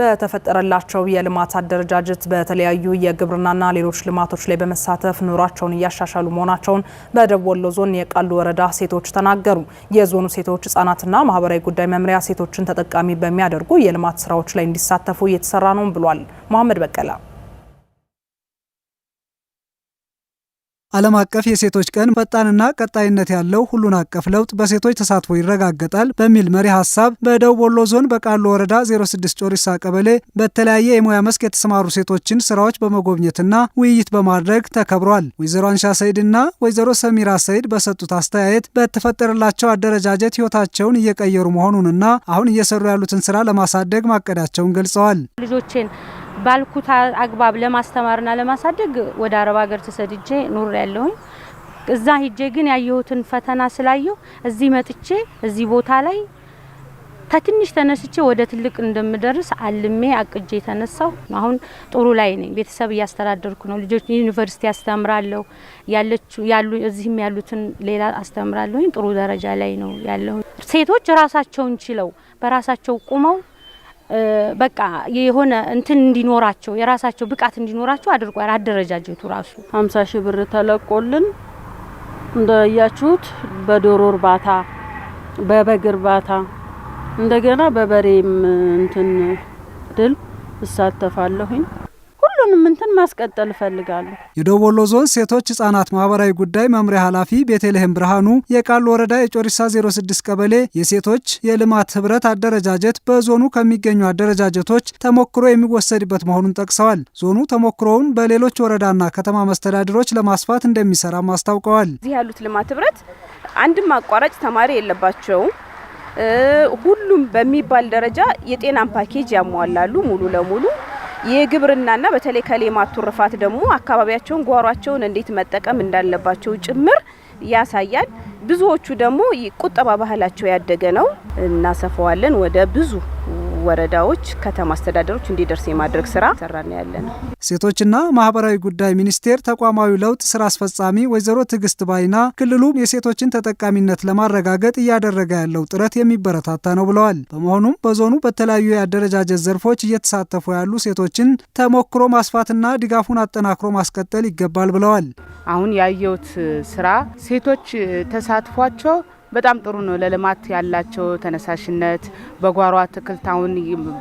በተፈጠረላቸው የልማት አደረጃጀት በተለያዩ የግብርናና ሌሎች ልማቶች ላይ በመሳተፍ ኑሯቸውን እያሻሻሉ መሆናቸውን በደቡብ ወሎ ዞን የቃሉ ወረዳ ሴቶች ተናገሩ። የዞኑ ሴቶች ህጻናትና ማህበራዊ ጉዳይ መምሪያ ሴቶችን ተጠቃሚ በሚያደርጉ የልማት ስራዎች ላይ እንዲሳተፉ እየተሰራ ነው ብሏል። መሐመድ በቀላ ዓለም አቀፍ የሴቶች ቀን ፈጣንና ቀጣይነት ያለው ሁሉን አቀፍ ለውጥ በሴቶች ተሳትፎ ይረጋገጣል በሚል መሪ ሀሳብ በደቡብ ወሎ ዞን በቃሉ ወረዳ 06 ጮሪሳ ቀበሌ በተለያየ የሙያ መስክ የተሰማሩ ሴቶችን ስራዎች በመጎብኘትና ውይይት በማድረግ ተከብሯል። ወይዘሮ አንሻ ሰይድና ወይዘሮ ሰሚራ ሰይድ በሰጡት አስተያየት በተፈጠረላቸው አደረጃጀት ህይወታቸውን እየቀየሩ መሆኑንና አሁን እየሰሩ ያሉትን ስራ ለማሳደግ ማቀዳቸውን ገልጸዋል። ልጆቼን ባልኩት አግባብ ለማስተማርና ለማሳደግ ወደ አረብ ሀገር ተሰድጄ ኑር ያለሁኝ። እዛ ሂጄ ግን ያየሁትን ፈተና ስላየሁ እዚህ መጥቼ እዚህ ቦታ ላይ ከትንሽ ተነስቼ ወደ ትልቅ እንደምደርስ አልሜ አቅጄ የተነሳው አሁን ጥሩ ላይ ነኝ። ቤተሰብ እያስተዳደርኩ ነው። ልጆች ዩኒቨርሲቲ አስተምራለሁ ያለችው ያሉ እዚህም ያሉትን ሌላ አስተምራለሁኝ። ጥሩ ደረጃ ላይ ነው ያለሁ። ሴቶች ራሳቸውን ችለው በራሳቸው ቁመው በቃ የሆነ እንትን እንዲኖራቸው የራሳቸው ብቃት እንዲኖራቸው አድርጓል። አደረጃጀቱ ራሱ ሀምሳ ሺህ ብር ተለቆልን እንደያችሁት በዶሮ እርባታ፣ በበግ እርባታ እንደገና በበሬም እንትን ድል እሳተፋለሁኝ። አሁንም እንትን ማስቀጠል እፈልጋለሁ። የደቡብ ወሎ ዞን ሴቶች ህጻናት ማህበራዊ ጉዳይ መምሪያ ኃላፊ ቤተልሔም ብርሃኑ የቃሉ ወረዳ የጮሪሳ 06 ቀበሌ የሴቶች የልማት ህብረት አደረጃጀት በዞኑ ከሚገኙ አደረጃጀቶች ተሞክሮ የሚወሰድበት መሆኑን ጠቅሰዋል። ዞኑ ተሞክሮውን በሌሎች ወረዳና ከተማ መስተዳድሮች ለማስፋት እንደሚሰራም አስታውቀዋል። እዚህ ያሉት ልማት ህብረት አንድም አቋራጭ ተማሪ የለባቸውም። ሁሉም በሚባል ደረጃ የጤናን ፓኬጅ ያሟላሉ ሙሉ ለሙሉ የግብርናና በተለይ ከሌማት ትሩፋት ደግሞ አካባቢያቸውን ጓሯቸውን እንዴት መጠቀም እንዳለባቸው ጭምር ያሳያል። ብዙዎቹ ደግሞ ቁጠባ ባህላቸው ያደገ ነው። እናሰፋዋለን ወደ ብዙ ወረዳዎች፣ ከተማ አስተዳደሮች እንዲደርስ የማድረግ ስራ ሰራን ያለ ነው። ሴቶችና ማህበራዊ ጉዳይ ሚኒስቴር ተቋማዊ ለውጥ ስራ አስፈጻሚ ወይዘሮ ትዕግስት ባይና ክልሉም የሴቶችን ተጠቃሚነት ለማረጋገጥ እያደረገ ያለው ጥረት የሚበረታታ ነው ብለዋል። በመሆኑም በዞኑ በተለያዩ የአደረጃጀት ዘርፎች እየተሳተፉ ያሉ ሴቶችን ተሞክሮ ማስፋትና ድጋፉን አጠናክሮ ማስቀጠል ይገባል ብለዋል። አሁን ያየሁት ስራ ሴቶች ተሳትፏቸው በጣም ጥሩ ነው። ለልማት ያላቸው ተነሳሽነት በጓሮ አትክልት አሁን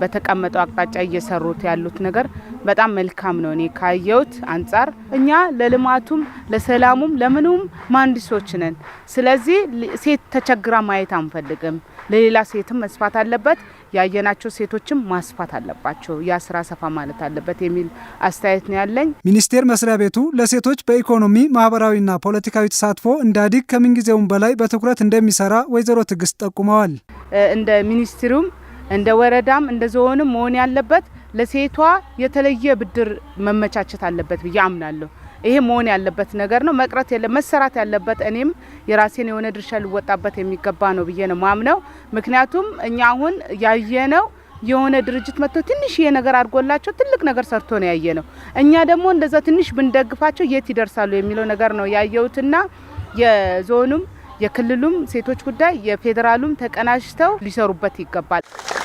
በተቀመጠው አቅጣጫ እየሰሩት ያሉት ነገር በጣም መልካም ነው። እኔ ካየሁት አንጻር እኛ ለልማቱም ለሰላሙም ለምኑም መሀንዲሶች ነን። ስለዚህ ሴት ተቸግራ ማየት አንፈልግም። ለሌላ ሴትም መስፋት አለበት፣ ያየናቸው ሴቶችም ማስፋት አለባቸው። ያ ስራ ሰፋ ማለት አለበት የሚል አስተያየት ነው ያለኝ። ሚኒስቴር መስሪያ ቤቱ ለሴቶች በኢኮኖሚ ማህበራዊና ፖለቲካዊ ተሳትፎ እንዳዲግ ከምንጊዜውም በላይ በትኩረት እንደሚሰራ ወይዘሮ ትዕግስት ጠቁመዋል። እንደ ሚኒስትሩም እንደ ወረዳም እንደ ዞንም መሆን ያለበት ለሴቷ የተለየ ብድር መመቻቸት አለበት ብዬ አምናለሁ። ይሄ መሆን ያለበት ነገር ነው። መቅረት የለ መሰራት ያለበት እኔም የራሴን የሆነ ድርሻ ልወጣበት የሚገባ ነው ብዬ ነው ማምነው። ምክንያቱም እኛ አሁን ያየነው የሆነ ድርጅት መጥቶ ትንሽ ይሄ ነገር አድርጎላቸው ትልቅ ነገር ሰርቶ ነው ያየ ነው። እኛ ደግሞ እንደዛ ትንሽ ብንደግፋቸው የት ይደርሳሉ የሚለው ነገር ነው ያየሁትና የዞኑም የክልሉም ሴቶች ጉዳይ የፌዴራሉም ተቀናጅተው ሊሰሩበት ይገባል።